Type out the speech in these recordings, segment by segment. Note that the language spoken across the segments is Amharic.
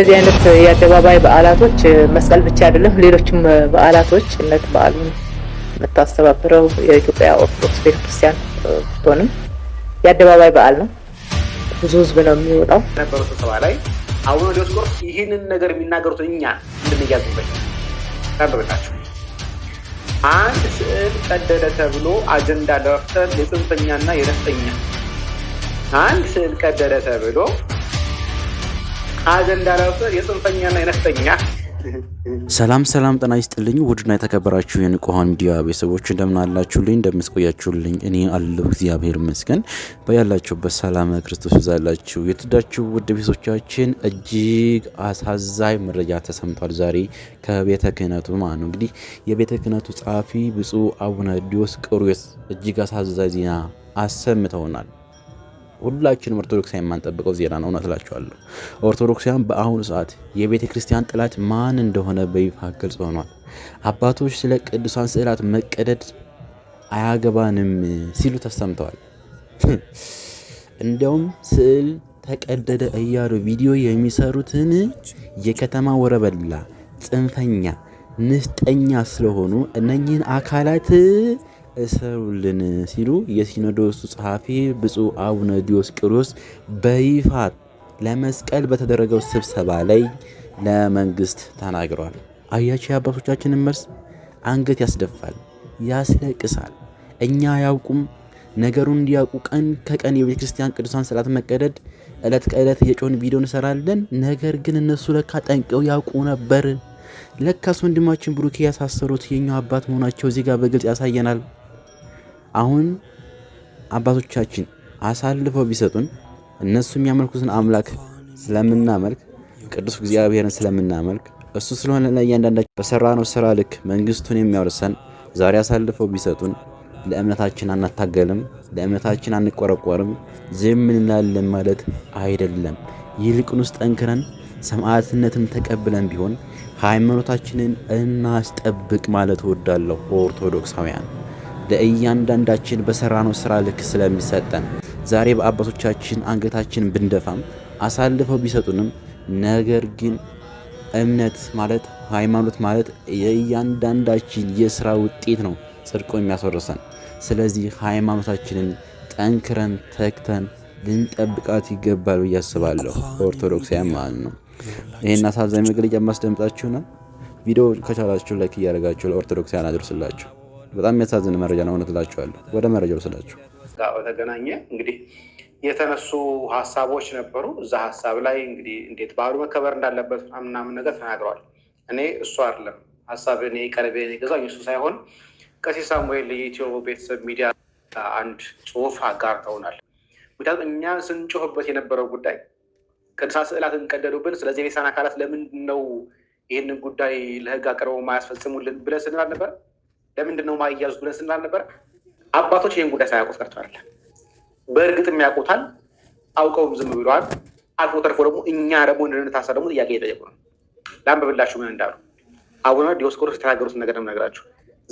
እንደዚህ አይነት የአደባባይ በዓላቶች መስቀል ብቻ አይደለም፣ ሌሎችም በዓላቶች እምነት በዓሉን የምታስተባብረው የኢትዮጵያ ኦርቶዶክስ ቤተክርስቲያን ብትሆንም የአደባባይ በዓል ነው። ብዙ ህዝብ ነው የሚወጣው። ነበሩ ስብሰባ ላይ አቡነ ዲዮስቆሮስ ይህንን ነገር የሚናገሩት እኛ እንድንያዝበት ታንብበታቸው አንድ ስዕል ቀደደ ተብሎ አጀንዳ ለመፍጠር የጽንፈኛና የነፍጠኛ አንድ ስዕል ቀደደ ተብሎ አጀንዳ ራሱ የጽንፈኛና የነፍጠኛ ሰላም ሰላም፣ ጤና ይስጥልኝ ውድና የተከበራችሁ የንቁሃን ሚዲያ ቤተሰቦች እንደምን አላችሁልኝ? እንደምስቆያችሁልኝ? እኔ አለሁ እግዚአብሔር ይመስገን። በያላችሁበት ሰላም ክርስቶስ ይዛላችሁ። የትዳችሁ ውድ ቤቶቻችን እጅግ አሳዛኝ መረጃ ተሰምቷል። ዛሬ ከቤተ ክህነቱ ማለት ነው እንግዲህ የቤተ ክህነቱ ጸሐፊ ብፁዕ አቡነ ዲዮስቆሮስ እጅግ አሳዛኝ ዜና አሰምተውናል። ሁላችንም ኦርቶዶክሳውያን የማንጠብቀው ዜና ነው። እውነት እላቸዋለሁ። በአሁኑ ሰዓት የቤተ ክርስቲያን ጠላት ማን እንደሆነ በይፋ ግልጽ ሆኗል። አባቶች ስለ ቅዱሳን ስዕላት መቀደድ አያገባንም ሲሉ ተሰምተዋል። እንዲያውም ስዕል ተቀደደ እያሉ ቪዲዮ የሚሰሩትን የከተማ ወረበላ፣ ጽንፈኛ፣ ንፍጠኛ ስለሆኑ እነኚህን አካላት እሰሩልን ሲሉ የሲኖዶሱ ጸሐፊ ብፁዕ አቡነ ዲዮስቆሮስ በይፋ ለመስቀል በተደረገው ስብሰባ ላይ ለመንግስት ተናግሯል። አያቸው የአባቶቻችንን መርስ አንገት ያስደፋል፣ ያስለቅሳል። እኛ አያውቁም ነገሩን እንዲያውቁ ቀን ከቀን የቤተ ክርስቲያን ቅዱሳን ስርዓት መቀደድ ዕለት ከእለት የጮን ቪዲዮ እንሰራለን። ነገር ግን እነሱ ለካ ጠንቀው ያውቁ ነበር። ለካስ ወንድማችን ብሩኬ ያሳሰሩት የኛው አባት መሆናቸው ዜጋ በግልጽ ያሳየናል። አሁን አባቶቻችን አሳልፈው ቢሰጡን እነሱ የሚያመልኩትን አምላክ ስለምናመልክ ቅዱስ እግዚአብሔርን ስለምናመልክ እሱ ስለሆነ ለእያንዳንዳችን በሰራነው ስራ ልክ መንግስቱን የሚያወርሰን ዛሬ አሳልፈው ቢሰጡን ለእምነታችን አናታገልም፣ ለእምነታችን አንቆረቆርም፣ ዝም እንላለን ማለት አይደለም። ውስጥ ጠንክረን ሰማዕትነትን ተቀብለን ቢሆን ሃይማኖታችንን እናስጠብቅ ማለት እወዳለሁ። ኦርቶዶክሳውያን ለእያንዳንዳችን በሰራነው ስራ ልክ ስለሚሰጠን ዛሬ በአባቶቻችን አንገታችን ብንደፋም አሳልፈው ቢሰጡንም ነገር ግን እምነት ማለት ሃይማኖት ማለት የእያንዳንዳችን የስራ ውጤት ነው ጽድቆ የሚያስወርሰን። ስለዚህ ሃይማኖታችንን ጠንክረን ተግተን ልንጠብቃት ይገባል እያስባለሁ አስባለሁ። ኦርቶዶክሳውያን ማለት ነው። ይህን አሳዛኝ መግለጫ የማስደምጣችሁ ነው። ቪዲዮ ከቻላችሁ ላይክ እያደረጋችሁ ለኦርቶዶክሳውያን አድርስላችሁ። በጣም የሚያሳዝን መረጃ ነው። እውነት እላቸዋለሁ። ወደ መረጃው ስላቸው በተገናኘ እንግዲህ የተነሱ ሀሳቦች ነበሩ። እዛ ሀሳብ ላይ እንግዲህ እንዴት ባህሉ መከበር እንዳለበት ምናምን ነገር ተናግረዋል። እኔ እሱ አይደለም ሀሳብ እኔ ቀለቤ ገዛኝ እሱ ሳይሆን ቀሲስ ሳሙኤል የኢትዮ ቤተሰብ ሚዲያ አንድ ጽሁፍ አጋርተውናል። ምክንያቱም እኛ ስንጮህበት የነበረው ጉዳይ ቅዱሳት ስዕላት እንቀደዱብን ስለዚህ የቤተሰን አካላት ለምንድን ነው ይህንን ጉዳይ ለህግ አቅርበው ማያስፈጽሙልን ብለን ስንል ነበር? ለምንድን ነው ማያዙት ብለን ስንል ነበረ። አባቶች ይህን ጉዳይ ሳያውቁት አለ። በእርግጥም ያውቁታል፣ አውቀውም ዝም ብለዋል። አልፎ ተርፎ ደግሞ እኛ ደግሞ እንድንታሰር ደግሞ ጥያቄ እየጠየቁ ነው። ላንብብላችሁ ምን እንዳሉ አቡነ ዲዮስቆሮስ የተናገሩትን ነገር ነግራችሁ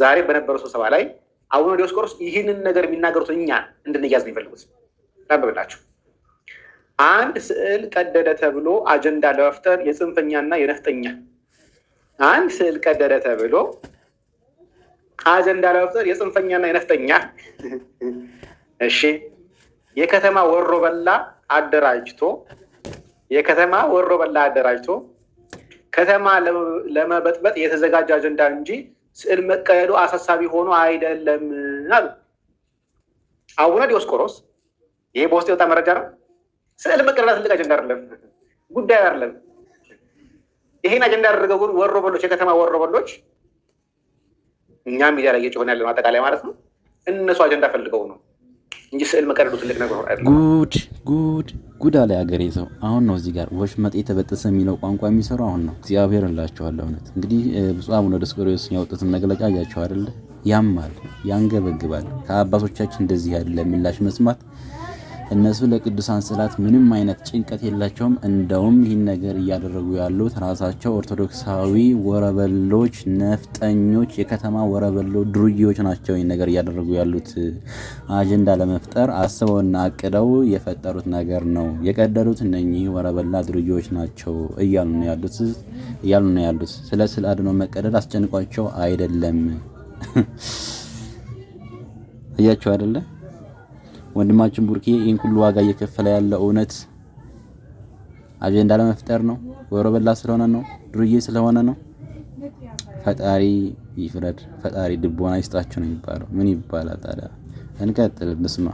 ዛሬ በነበረው ስብሰባ ላይ አቡነ ዲዮስቆሮስ ይህንን ነገር የሚናገሩት እኛ እንድንያዝ ነው የሚፈልጉት። ላንብብላችሁ። አንድ ስዕል ቀደደ ተብሎ አጀንዳ ለመፍጠር የጽንፈኛና የነፍጠኛ አንድ ስዕል ቀደደ ተብሎ አጀንዳ ለመፍጠር የጽንፈኛና የነፍጠኛ እሺ የከተማ ወሮ በላ አደራጅቶ የከተማ ወሮ በላ አደራጅቶ ከተማ ለመበጥበጥ የተዘጋጀ አጀንዳ እንጂ ስዕል መቀየዱ አሳሳቢ ሆኖ አይደለም አሉ አቡነ ዲዮስቆሮስ። ይሄ በውስጥ የወጣ መረጃ ነው። ስዕል መቀደድ ትልቅ አጀንዳ አይደለም፣ ጉዳዩ አይደለም። ይሄን አጀንዳ ያደረገው ግን ወሮ በሎች፣ የከተማ ወሮ በሎች እኛ ሚዲያ ላይ እየጮሆን ያለ አጠቃላይ ማለት ነው። እነሱ አጀንዳ ፈልገው ነው እንጂ ስዕል መቀረዱ ትልቅ ነገር ጉድ ጉድ ጉድ አለ ያገሬ ሰው። አሁን ነው እዚህ ጋር ወሽመጤ የተበጠሰ የሚለው ቋንቋ የሚሰሩ አሁን ነው። እግዚአብሔር እንላቸዋለሁ። እውነት እንግዲህ ብፁዕ አቡነ ዲዮስቆሮስን ያወጡትን መግለጫ እያቸው አይደለ? ያማል፣ ያንገበግባል። ከአባቶቻችን እንደዚህ አይደለ የሚላሽ መስማት እነሱ ለቅዱሳን ስዕላት ምንም አይነት ጭንቀት የላቸውም። እንደውም ይህን ነገር እያደረጉ ያሉት ራሳቸው ኦርቶዶክሳዊ ወረበሎች፣ ነፍጠኞች፣ የከተማ ወረበሎ ድርጊዎች ናቸው። ይህን ነገር እያደረጉ ያሉት አጀንዳ ለመፍጠር አስበውና አቅደው የፈጠሩት ነገር ነው። የቀደሉት እነኚህ ወረበላ ድርጊዎች ናቸው እያሉ ነው ያሉት። ስለ ስዕል አድኖ መቀደል አስጨንቋቸው አይደለም። እያቸው አይደለም ወንድማችን ቡርኬ ይህን ሁሉ ዋጋ እየከፈለ ያለ እውነት አጀንዳ ለመፍጠር ነው። ወሮበላ ስለሆነ ነው። ዱርዬ ስለሆነ ነው። ፈጣሪ ይፍረድ። ፈጣሪ ድቦና ይስጣችሁ ነው የሚባለው። ምን ይባላል ታዲያ? እንቀጥል፣ እንስማ።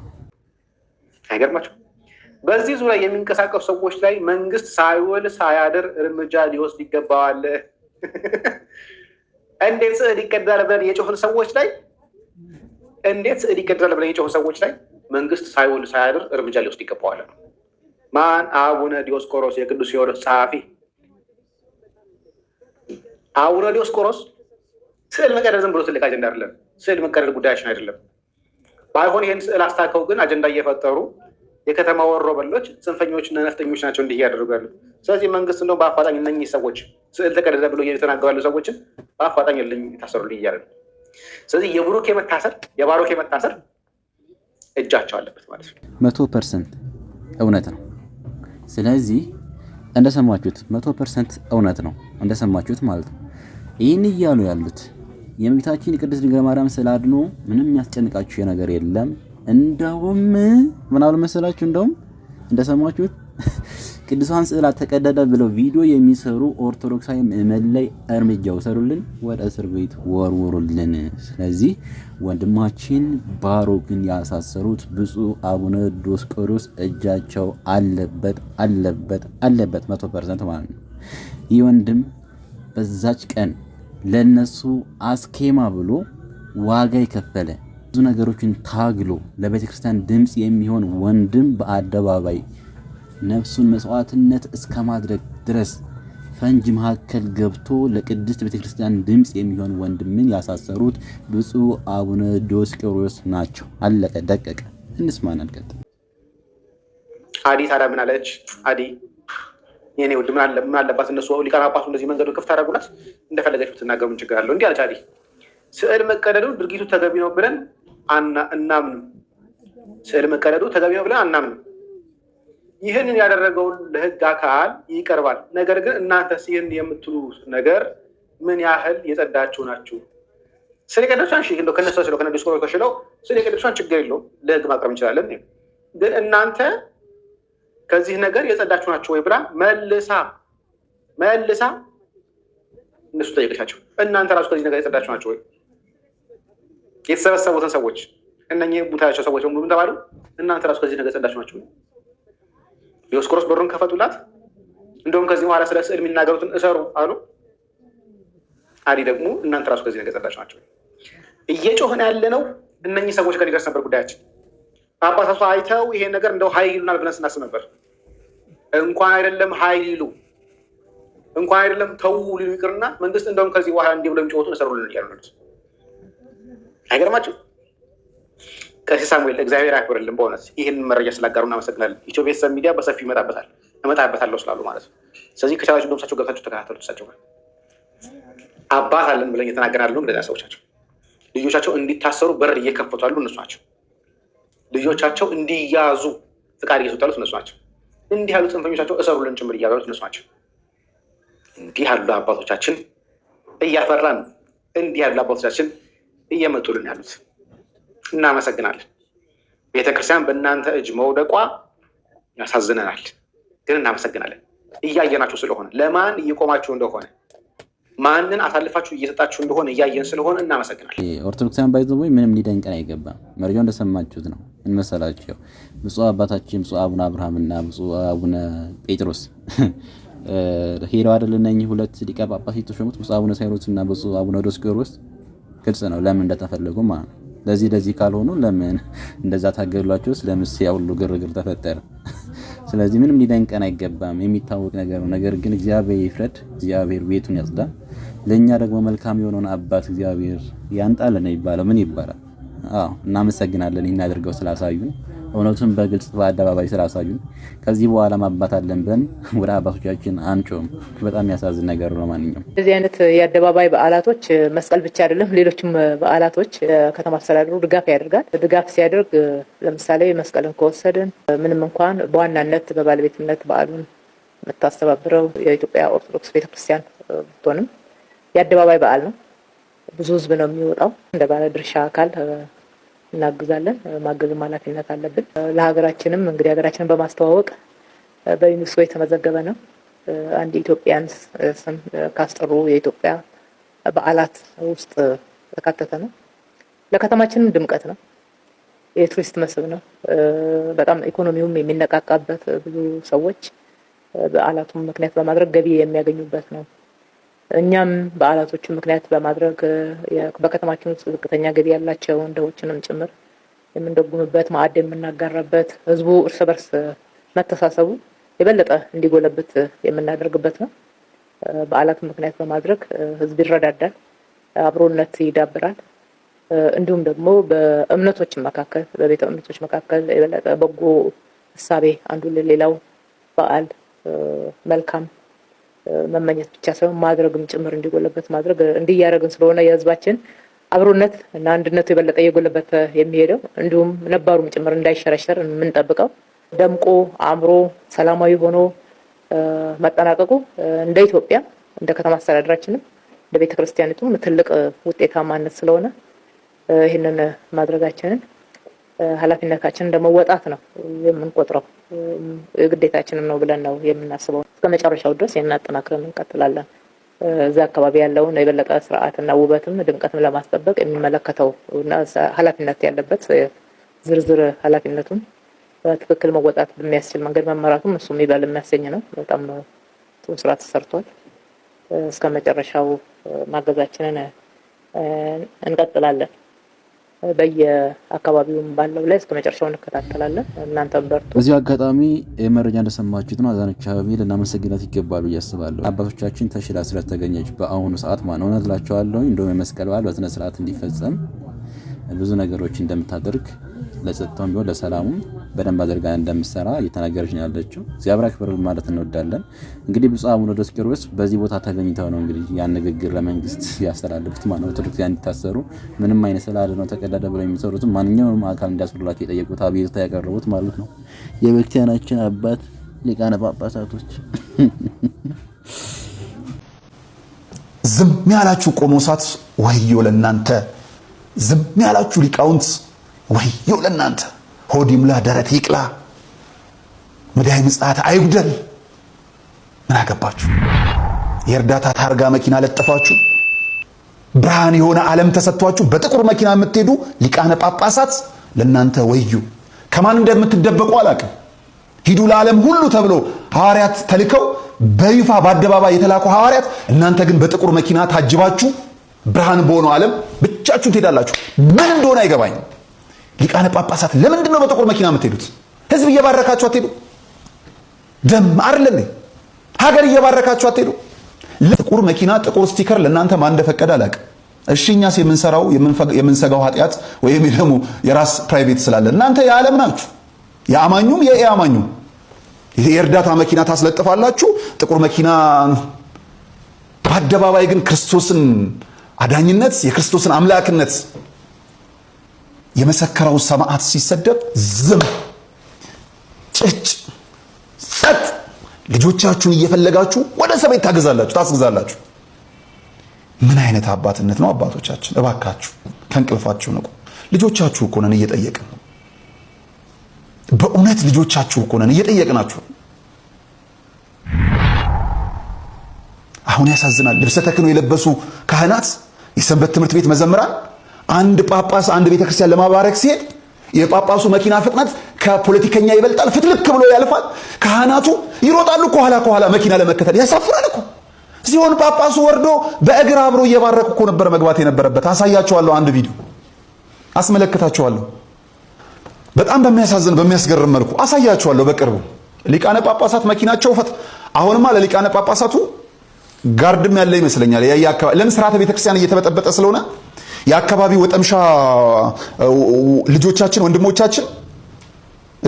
አይገርማችሁ። በዚህ ዙሪያ የሚንቀሳቀሱ ሰዎች ላይ መንግስት ሳይውል ሳያድር እርምጃ ሊወስድ ይገባዋል። እንዴት ስዕል ይቀዳል ብለን የጮህን ሰዎች ላይ እንዴት ስዕል ይቀዳል ብለን የጮህን ሰዎች ላይ መንግስት ሳይውል ሳያድር እርምጃ ሊወስድ ይገባዋል። ማን? አቡነ ዲዮስቆሮስ የቅዱስ ሲኖዶስ ጸሐፊ። አቡነ ዲዮስቆሮስ ስዕል መቀደር ዝም ብሎ ትልቅ አጀንዳ አይደለም። ስዕል መቀደር ጉዳያችን አይደለም። ባይሆን ይህን ስዕል አስታከው ግን አጀንዳ እየፈጠሩ የከተማ ወሮ በሎች እና ነፍጠኞች ናቸው እንዲህ እያደረጉ ስለዚህ መንግስት እንደው በአፋጣኝ እነኚህ ሰዎች ስዕል ተቀደደ ብሎ እየተናገባሉ ሰዎችን በአፋጣኝ ልኝ የታሰሩልኝ እያለ ስለዚህ የብሩክ የመታሰር የባሮክ የመታሰር እጃቸው አለበት ማለት ነው። መቶ ፐርሰንት እውነት ነው። ስለዚህ እንደሰማችሁት መቶ ፐርሰንት እውነት ነው እንደሰማችሁት ማለት ነው። ይህን እያሉ ያሉት የእመቤታችን የቅድስት ድንግል ማርያም ስለ አድኖ ምንም የሚያስጨንቃችሁ ነገር የለም። እንደውም ምናምን መሰላችሁ እንደውም እንደሰማችሁት ቅዱሳን ስዕላት ተቀደደ ብለው ቪዲዮ የሚሰሩ ኦርቶዶክሳዊ ምዕመን ላይ እርምጃ ውሰዱልን፣ ወደ እስር ቤት ወርውሩልን። ስለዚህ ወንድማችን ባሮክን ያሳሰሩት ብፁዕ አቡነ ዲዮስቆሮስ እጃቸው አለበት አለበት አለበት፣ መቶ ፐርሰንት ማለት ነው። ይህ ወንድም በዛች ቀን ለነሱ አስኬማ ብሎ ዋጋ የከፈለ ብዙ ነገሮችን ታግሎ ለቤተክርስቲያን ድምፅ የሚሆን ወንድም በአደባባይ ነፍሱን መስዋዕትነት እስከ ማድረግ ድረስ ፈንጅ መካከል ገብቶ ለቅድስት ቤተክርስቲያን ድምፅ የሚሆን ወንድምን ያሳሰሩት ብፁዕ አቡነ ዲዮስቆሮስ ናቸው። አለቀ ደቀቀ። እንስማን አልቀጥ አዲ ታዲያ ምን አለች? አዲ የኔ ውድ ምን አለባት? እነሱ ሊቃነ ጳጳሱ እንደዚህ መንገዱን ክፍት አደረጉላት። እንደፈለገች ብትናገሩ ችግር አለው። እንዲህ አለች አዲ ስዕል መቀደዱ ድርጊቱ ተገቢ ነው ብለን እናምንም። ስዕል መቀደዱ ተገቢ ነው ብለን አናምንም። ይህንን ያደረገውን ለህግ አካል ይቀርባል። ነገር ግን እናንተስ ይህን የምትሉ ነገር ምን ያህል የጸዳችሁ ናችሁ? ስለ ቅዱሳን ከነሱ ስለ ከነዲስ ዲስኮ ተሽለው ስለ ቅዱሳን ችግር የለውም ለህግ ማቅረብ እንችላለን። ግን እናንተ ከዚህ ነገር የጸዳችሁ ናቸው ወይ ብላ መልሳ መልሳ እነሱ ጠየቀቻቸው። እናንተ ራሱ ከዚህ ነገር የጸዳችሁ ናቸው ወይ? የተሰበሰቡትን ሰዎች እነ ቡታቸው ሰዎች በሙሉ ተባሉ። እናንተ ራሱ ከዚህ ነገር የጸዳችሁ ናቸው ዲዮስቆሮስ በሩን ከፈቱላት። እንደውም ከዚህ በኋላ ስለ ስዕል የሚናገሩትን እሰሩ አሉ። አሊ ደግሞ እናንተ ራሱ ከዚህ ነገር ጸዳች ናቸው። እየጮህን ያለ ነው እነኚህ ሰዎች ጋር ሊደርስ ነበር ጉዳያችን። ጳጳሳቱ አይተው ይሄን ነገር እንደው ሀይ ይሉናል ብለን ስናስብ ነበር። እንኳን አይደለም ሀይ ይሉ እንኳን አይደለም ተው ሊሉ ይቅርና መንግስት እንደውም ከዚህ በኋላ እንዲህ ብሎ የሚጮቱን እሰሩልን እያሉ አይገርማቸው ቀሲስ ሳሙኤል እግዚአብሔር ያክብርልን። በእውነት ይህን መረጃ ስላጋሩ እናመሰግናለን። ኢትዮ ቤተሰብ ሚዲያ በሰፊ ይመጣበታል እመጣበታለሁ ስላሉ ማለት ነው። ስለዚህ ከቻላችሁ ደምሳቸው ገብታችሁ ተከታተሉ። እሳቸው ጋር አባት አለን ብለን እየተናገራሉ ነው። ለዚያ ሰዎቻቸው ልጆቻቸው እንዲታሰሩ በር እየከፈቱ ያሉ እነሱ ናቸው። ልጆቻቸው እንዲያዙ ፍቃድ እየሰጡ ያሉት እነሱ ናቸው። እንዲህ ያሉ ጽንፈኞቻቸው እሰሩልን ጭምር እያሉት እነሱ ናቸው። እንዲህ ያሉ አባቶቻችን እያፈራን እንዲህ ያሉ አባቶቻችን እየመጡልን ያሉት እናመሰግናለን። ቤተክርስቲያን በእናንተ እጅ መውደቋ ያሳዝነናል፣ ግን እናመሰግናለን። እያየናችሁ ስለሆነ ለማን እየቆማችሁ እንደሆነ ማንን አሳልፋችሁ እየሰጣችሁ እንደሆነ እያየን ስለሆነ እናመሰግናለን። ኦርቶዶክሳን ባይዘ ምንም ሊደንቀን አይገባም። መረጃው እንደሰማችሁት ነው። እንመሰላቸው ብፁዕ አባታችን ብፁዕ አቡነ አብርሃምና ብፁዕ አቡነ ጴጥሮስ ሄደው አይደል? እነኚህ ሁለት ሊቀ ጳጳስ የተሾሙት ብፁዕ አቡነ ሳይሮስ እና ብፁዕ አቡነ ዶስቆሮስ ግልጽ ነው ለምን እንደተፈለጉ ማለት ነው። ለዚህ ለዚህ ካልሆኑ ለምን እንደዛ ታገሏቸው? ስለምስ ያ ሁሉ ግርግር ተፈጠረ? ስለዚህ ምንም ሊደንቀን አይገባም፣ የሚታወቅ ነገር ነው። ነገር ግን እግዚአብሔር ይፍረድ፣ እግዚአብሔር ቤቱን ያጽዳ። ለእኛ ደግሞ መልካም የሆነውን አባት እግዚአብሔር ያንጣልን። ይባለው ምን ይባላል? እናመሰግናለን፣ ይናደርገው አድርገው ስላሳዩን። እውነቱን በግልጽ በአደባባይ ስላሳዩ ከዚህ በኋላ ማባት አለን ብለን ወደ አባቶቻችን አንጮም። በጣም ያሳዝን ነገር ነው። ማንኛውም እዚህ አይነት የአደባባይ በዓላቶች መስቀል ብቻ አይደለም፣ ሌሎችም በዓላቶች ከተማ አስተዳደሩ ድጋፍ ያደርጋል። ድጋፍ ሲያደርግ ለምሳሌ መስቀልን ከወሰድን ምንም እንኳን በዋናነት በባለቤትነት በዓሉን የምታስተባብረው የኢትዮጵያ ኦርቶዶክስ ቤተክርስቲያን ብትሆንም የአደባባይ በዓል ነው። ብዙ ህዝብ ነው የሚወጣው እንደ ባለ ድርሻ አካል እናግዛለን። ማገዝም ኃላፊነት አለብን። ለሀገራችንም እንግዲህ ሀገራችንን በማስተዋወቅ በዩኒስኮ የተመዘገበ ነው። አንድ ኢትዮጵያን ስም ካስጠሩ የኢትዮጵያ በዓላት ውስጥ ተካተተ ነው። ለከተማችንም ድምቀት ነው። የቱሪስት መስህብ ነው። በጣም ኢኮኖሚውም የሚነቃቃበት ብዙ ሰዎች በዓላቱም ምክንያት በማድረግ ገቢ የሚያገኙበት ነው። እኛም በዓላቶቹ ምክንያት በማድረግ በከተማችን ውስጥ ዝቅተኛ ገቢ ያላቸውን ድሆችንም ጭምር የምንደጉምበት ማዕድ የምናጋራበት ህዝቡ እርስ በርስ መተሳሰቡ የበለጠ እንዲጎለብት የምናደርግበት ነው። በዓላት ምክንያት በማድረግ ህዝብ ይረዳዳል፣ አብሮነት ይዳብራል። እንዲሁም ደግሞ በእምነቶች መካከል በቤተ እምነቶች መካከል የበለጠ በጎ እሳቤ አንዱ ለሌላው በዓል መልካም መመኘት ብቻ ሳይሆን ማድረግም ጭምር እንዲጎለበት ማድረግ እንዲያደረግን ስለሆነ የህዝባችን አብሮነት እና አንድነቱ የበለጠ እየጎለበት የሚሄደው እንዲሁም ነባሩም ጭምር እንዳይሸረሸር የምንጠብቀው ደምቆ አምሮ ሰላማዊ ሆኖ መጠናቀቁ እንደ ኢትዮጵያ እንደ ከተማ አስተዳደራችንም እንደ ቤተ ክርስቲያኒቱም ትልቅ ውጤታማነት ስለሆነ ይህንን ማድረጋችንን ኃላፊነታችንን እንደመወጣት ነው የምንቆጥረው። ግዴታችንም ነው ብለን ነው የምናስበው። እስከ መጨረሻው ድረስ የምናጠናክረን እንቀጥላለን። እዛ አካባቢ ያለውን የበለጠ ስርዓትና ውበትም ድምቀትም ለማስጠበቅ የሚመለከተው እና ኃላፊነት ያለበት ዝርዝር ኃላፊነቱን በትክክል መወጣት በሚያስችል መንገድ መመራቱም እሱ የሚባል የሚያሰኝ ነው። በጣም ጥሩ ስራ ተሰርቷል። እስከ መጨረሻው ማገዛችንን እንቀጥላለን። በየአካባቢውም ባለው ላይ እስከ መጨረሻው እንከታተላለን። እናንተ በርቱ። በዚሁ አጋጣሚ መረጃ እንደሰማችሁት ነው። አዛነች አበቤ ልናመሰግናት ይገባሉ እያስባለሁ አባቶቻችን ተሽላ ስለተገኘች በአሁኑ ሰዓት ማን እውነት ላቸዋለሁ እንደውም የመስቀል በዓል በስነ ስርዓት እንዲፈጸም ብዙ ነገሮች እንደምታደርግ ለጸጥታውም ቢሆን ለሰላሙም በደንብ አድርጋ እንደምሰራ እየተናገረች ነው ያለችው። እግዚአብሔር ያክብር ማለት እንወዳለን። እንግዲህ ብፁዕ አቡነ ዲዮስቆሮስ በዚህ ቦታ ተገኝተው ነው እንግዲህ ያን ንግግር ለመንግስት ያስተላለፉት ማለት ነው። ኦርቶዶክስ እንዲታሰሩ ምንም አይነት ስለ ነው ተቀዳደ ብለው የሚሰሩትም ማንኛውም አካል እንዲያስሩላቸው የጠየቁት አቤቱታ ያቀረቡት ማለት ነው። የቤተክርስቲያናችን አባት ሊቃነ ጳጳሳቶች ዝም ያላችሁ ቆሞሳት ወዮ ለእናንተ ዝም ያላችሁ ሊቃውንት ወዮ ለእናንተ ሆድ ይሙላ ደረት ይቅላ፣ መዳይ ምጽአት አይጉደል። ምን አገባችሁ? የእርዳታ ታርጋ መኪና ለጠፋችሁ፣ ብርሃን የሆነ ዓለም ተሰጥቷችሁ፣ በጥቁር መኪና የምትሄዱ ሊቃነ ጳጳሳት ለእናንተ ወዩ። ከማን እንደምትደበቁ አላቅም። ሂዱ ለዓለም ሁሉ ተብሎ ሐዋርያት ተልከው በይፋ በአደባባይ የተላኩ ሐዋርያት፣ እናንተ ግን በጥቁር መኪና ታጅባችሁ ብርሃን በሆነው ዓለም ብቻችሁን ትሄዳላችሁ። ምን እንደሆነ አይገባኝ ሊቃነ ጳጳሳት ለምንድን ነው በጥቁር መኪና የምትሄዱት? ህዝብ እየባረካችሁ አትሄዱ? ደም አርለን ሀገር እየባረካችሁ አትሄዱ? ጥቁር መኪና ጥቁር ስቲከር ለእናንተ ማን እንደፈቀደ አላቅ እሺ እኛስ የምንሰራው የምንሰጋው ኃጢአት ወይም ደግሞ የራስ ፕራይቬት ስላለ እናንተ የዓለም ናችሁ፣ የአማኙም የኤ አማኙም የእርዳታ መኪና ታስለጥፋላችሁ። ጥቁር መኪና በአደባባይ ግን ክርስቶስን አዳኝነት የክርስቶስን አምላክነት የመሰከረው ሰማዕት ሲሰደብ ዝም ጭጭ ጸጥ። ልጆቻችሁን እየፈለጋችሁ ወደ ሰው ቤት ታግዛላችሁ፣ ታስግዛላችሁ። ምን አይነት አባትነት ነው? አባቶቻችን እባካችሁ ከእንቅልፋችሁ ንቁ። ልጆቻችሁ እኮ ነን እየጠየቅን በእውነት ልጆቻችሁ እኮ ነን እየጠየቅናችሁ አሁን ያሳዝናል። ልብሰ ተክህኖ የለበሱ ካህናት፣ የሰንበት ትምህርት ቤት መዘምራን አንድ ጳጳስ አንድ ቤተክርስቲያን ለማባረክ ሲሄድ የጳጳሱ መኪና ፍጥነት ከፖለቲከኛ ይበልጣል። ፍትልክ ብሎ ያልፋል። ካህናቱ ይሮጣሉ ከኋላ ከኋላ መኪና ለመከተል ያሳፍራል እኮ ሲሆን ጳጳሱ ወርዶ በእግር አብሮ እየባረኩ እኮ ነበር መግባት የነበረበት። አሳያችኋለሁ፣ አንድ ቪዲዮ አስመለከታችኋለሁ። በጣም በሚያሳዝን በሚያስገርም መልኩ አሳያችኋለሁ በቅርቡ ሊቃነ ጳጳሳት መኪናቸው ፈት አሁንማ ለሊቃነ ጳጳሳቱ ጋርድም ያለ ይመስለኛል። ለምን ስርዓተ ቤተክርስቲያን እየተበጠበጠ ስለሆነ የአካባቢ ወጠምሻ ልጆቻችን ወንድሞቻችን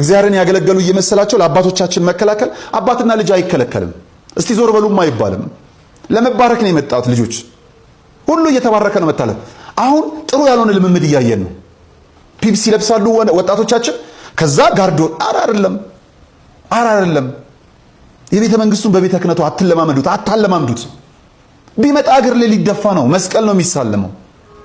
እግዚአብሔርን ያገለገሉ እየመሰላቸው ለአባቶቻችን መከላከል አባትና ልጅ አይከለከልም። እስቲ ዞር በሉም አይባልም። ለመባረክ ነው የመጣት ልጆች ሁሉ እየተባረከ ነው መታለፍ። አሁን ጥሩ ያልሆነ ልምምድ እያየን ነው። ፒፕስ ይለብሳሉ ወጣቶቻችን። ከዛ ጋርዶ አር አይደለም አር አይደለም። የቤተ መንግስቱን በቤተ ክህነቱ አትለማመዱት፣ አታለማምዱት። ቢመጣ እግር ላይ ሊደፋ ነው። መስቀል ነው የሚሳለመው።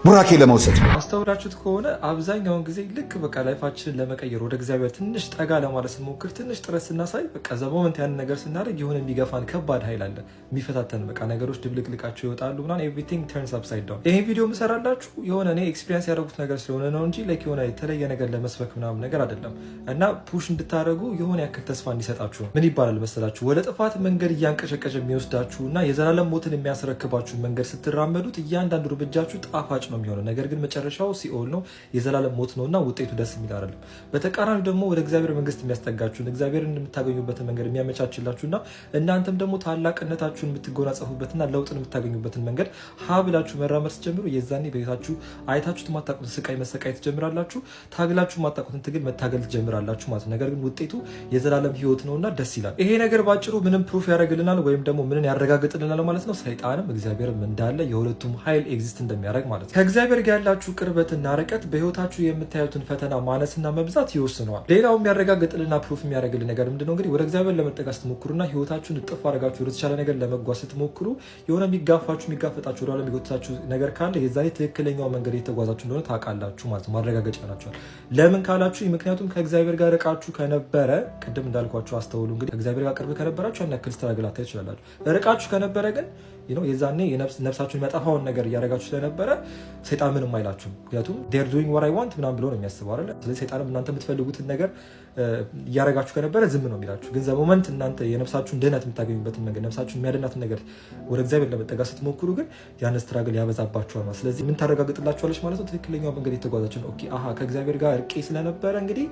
ቡራኬ ለመውሰድ አስተውላችሁት ከሆነ አብዛኛውን ጊዜ ልክ በቃ ላይፋችንን ለመቀየር ወደ እግዚአብሔር ትንሽ ጠጋ ለማለት ስንሞክር ትንሽ ጥረት ስናሳይ በቃ ዘ ሞመንት ያንን ነገር ስናደርግ የሆነ የሚገፋን ከባድ ኃይል አለ የሚፈታተን በቃ ነገሮች ድብልቅልቃቸው ይወጣሉ ምናምን ኤቭሪቲንግ ተርንስ አፕሳይድ ዳውን። ይህን ቪዲዮ የምሰራላችሁ የሆነ እኔ ኤክስፒሪንስ ያደረጉት ነገር ስለሆነ ነው እንጂ ላይክ የሆነ የተለየ ነገር ለመስበክ ምናምን ነገር አይደለም እና ፑሽ እንድታደረጉ የሆነ ያክል ተስፋ እንዲሰጣችሁ ምን ይባላል መሰላችሁ ወደ ጥፋት መንገድ እያንቀሸቀሸ የሚወስዳችሁ እና የዘላለም ሞትን የሚያስረክባችሁ መንገድ ስትራመዱት እያንዳንዱ እርምጃችሁ ጣፋጭ ነው የሚሆነው። ነገር ግን መጨረሻው ሲኦል ነው፣ የዘላለም ሞት ነው እና ውጤቱ ደስ የሚል አይደለም። በተቃራኒ ደግሞ ወደ እግዚአብሔር መንግስት የሚያስጠጋችሁን እግዚአብሔርን የምታገኙበትን መንገድ የሚያመቻችላችሁና እናንተም ደግሞ ታላቅነታችሁን የምትጎናጸፉበትና ለውጥን የምታገኙበትን መንገድ ሀ ብላችሁ መራመድ ስትጀምሩ የዛኔ በቤታችሁ አይታችሁት ማታቁትን ስቃይ መሰቃይ ትጀምራላችሁ። ታግላችሁ ማታቁትን ትግል መታገል ትጀምራላችሁ ማለት ነው። ነገር ግን ውጤቱ የዘላለም ህይወት ነውና ደስ ይላል። ይሄ ነገር ባጭሩ ምንም ፕሩፍ ያደርግልናል ወይም ደግሞ ምንን ያረጋግጥልናል ማለት ነው። ሰይጣንም እግዚአብሔርም እንዳለ የሁለቱም ኃይል ኤግዚስት እንደሚያደርግ ማለት ነው። ከእግዚአብሔር ጋር ያላችሁ ቅርበትና ርቀት በህይወታችሁ የምታዩትን ፈተና ማነስና መብዛት ይወስነዋል። ሌላው የሚያረጋግጥልና ፕሩፍ የሚያደርግል ነገር ምንድነው? እንግዲህ ወደ እግዚአብሔር ለመጠጋት ስትሞክሩና ህይወታችሁን እጥፍ አድርጋችሁ ወደተሻለ ነገር ለመጓዝ ስትሞክሩ የሆነ የሚጋፋችሁ የሚጋፈጣችሁ ወደኋላ የሚጎትታችሁ ነገር ካለ የዛኔ ትክክለኛው መንገድ የተጓዛችሁ እንደሆነ ታውቃላችሁ ማለት ነው። ማረጋገጫ ናቸዋል። ለምን ካላችሁ ምክንያቱም ከእግዚአብሔር ጋር ርቃችሁ ከነበረ ቅድም እንዳልኳችሁ አስተውሉ። እንግዲህ ከእግዚአብሔር ጋር ቅርብ ከነበራችሁ ያን ያክል ስትራግል አታዩ ትችላላችሁ። ርቃችሁ ከነበረ ግን የዛኔ ነፍሳችሁን የሚያጠፋውን ነገር እያደረጋችሁ ስለነበረ ሰይጣን ምንም አይላችሁም። ምክንያቱም ዴር ዱዊንግ ወር አይ ዋንት ምናምን ብሎ ነው የሚያስበው አለ። ስለዚህ ሰይጣንም እናንተ የምትፈልጉትን ነገር እያረጋችሁ ከነበረ ዝም ነው የሚላችሁ። ግን ዘሞመንት እናንተ የነፍሳችሁን ድህነት የምታገኙበትን መንገድ ነፍሳችሁን የሚያድናትን ነገር ወደ እግዚአብሔር ለመጠጋ ስትሞክሩ ግን ያን ስትራግል ያበዛባችኋል ማለት ስለዚህ ምን ታረጋግጥላችኋለች ማለት ነው ትክክለኛው መንገድ የተጓዛችን ነው። አሀ ከእግዚአብሔር ጋር እርቄ ስለነበረ እንግዲህ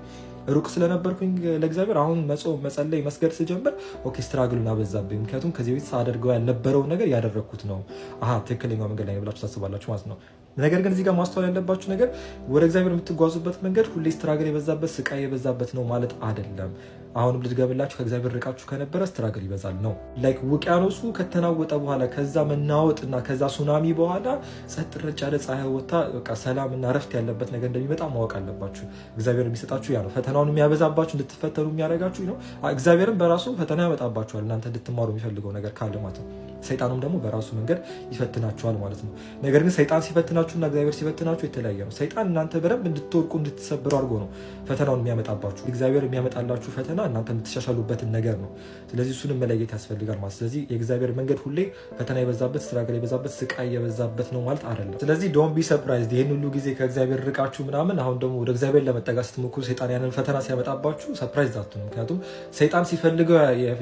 ሩቅ ስለነበርኩኝ ለእግዚአብሔር አሁን መጾ መጸለይ መስገድ ስጀምር ኦኬ ስትራግሉን አበዛብኝ፣ ምክንያቱም ከዚህ ቤት ሳደርገው ያልነበረውን ነገር ያደረግኩት ነው። አሀ ትክክለኛው መንገድ ላይ ብላችሁ ታስባላችሁ ማለት ነው። ነገር ግን እዚህ ጋር ማስተዋል ያለባችሁ ነገር ወደ እግዚአብሔር የምትጓዙበት መንገድ ሁሌ ስትራግል የበዛበት ስቃይ የበዛበት ነው ማለት አይደለም። አሁንም ልድገምላችሁ፣ ከእግዚአብሔር ርቃችሁ ከነበረ ስትራግል ይበዛል ነው። ላይክ ውቅያኖሱ ከተናወጠ በኋላ ከዛ መናወጥና ከዛ ሱናሚ በኋላ ጸጥ ረጭ ያለ ፀሐይ ወታ በቃ ሰላምና ረፍት ያለበት ነገር እንደሚመጣ ማወቅ አለባችሁ። እግዚአብሔር የሚሰጣችሁ ያ ነው። ፈተናውን የሚያበዛባችሁ እንድትፈተኑ የሚያደርጋችሁ ነው። እግዚአብሔርም በራሱ ፈተና ያመጣባችኋል እናንተ እንድትማሩ የሚፈልገው ነገር ካለ ማለት ነው። ሰይጣኑም ደግሞ በራሱ መንገድ ይፈትናችኋል ማለት ነው። ነገር ግን ሰይጣን ሲፈትናችሁና እግዚአብሔር ሲፈትናችሁ የተለያየ ነው። ሰይጣን እናንተ በደንብ እንድትወድቁ እንድትሰብሩ አድርጎ ነው ፈተናውን የሚያመጣባችሁ። እግዚአብሔር የሚያመጣላችሁ ፈተና እናንተ የምትሻሻሉበትን ነገር ነው። ስለዚህ እሱንም መለየት ያስፈልጋል ማለት ስለዚህ የእግዚአብሔር መንገድ ሁሌ ፈተና የበዛበት ስትራግል የበዛበት ስቃይ የበዛበት ነው ማለት አይደለም። ስለዚህ ዶን ቢ ሰፕራይዝ ይህን ሁሉ ጊዜ ከእግዚአብሔር ርቃችሁ ምናምን አሁን ደግሞ ወደ እግዚአብሔር ለመጠጋት ስትሞክሩ ሰይጣን ያንን ፈተና ሲያመጣባችሁ ሰፕራይዝ ዳት ነው። ምክንያቱም ሰይጣን ሲፈልገው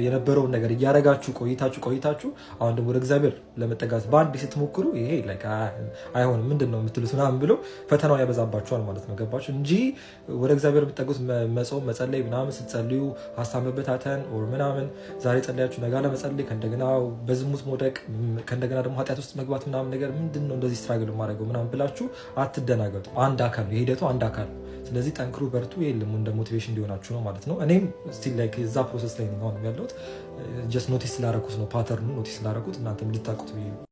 የነበረውን ነገር እያረጋችሁ ቆይታችሁ ቆይታችሁ አሁን ደግሞ ወደ እግዚአብሔር ለመጠጋት በአንድ ስትሞክሩ ይሄ አይሆንም ምንድን ነው የምትሉት ምናምን ብሎ ፈተናውን ያበዛባችኋል ማለት ነው። ገባችሁ እንጂ ወደ እግዚአብሔር የምትጠጉት መጾም መጸለይ ምናምን ስትጸልዩ ሀሳብ መበታተን ኦር ምናምን ዛሬ ጸለያችሁ ነጋ ለመጸልይ ከእንደገና በዝሙት መውደቅ ከእንደገና ደግሞ ኃጢአት ውስጥ መግባት ምናምን ነገር ምንድን ነው እንደዚህ ስትራግል ማድረገው ምናምን ብላችሁ አትደናገጡ። አንድ አካል ነው የሂደቱ አንድ አካል ነው። ስለዚህ ጠንክሩ፣ በርቱ። የለም እንደ ሞቲቬሽን እንዲሆናችሁ ነው ማለት ነው። እኔም ስቲል ላይክ እዛ ፕሮሰስ ላይ ነው ያለሁት። ጀስት ኖቲስ ስላደረኩት ነው ፓተርኑ ኖቲስ ስላደረኩት እናንተም ልታውቁት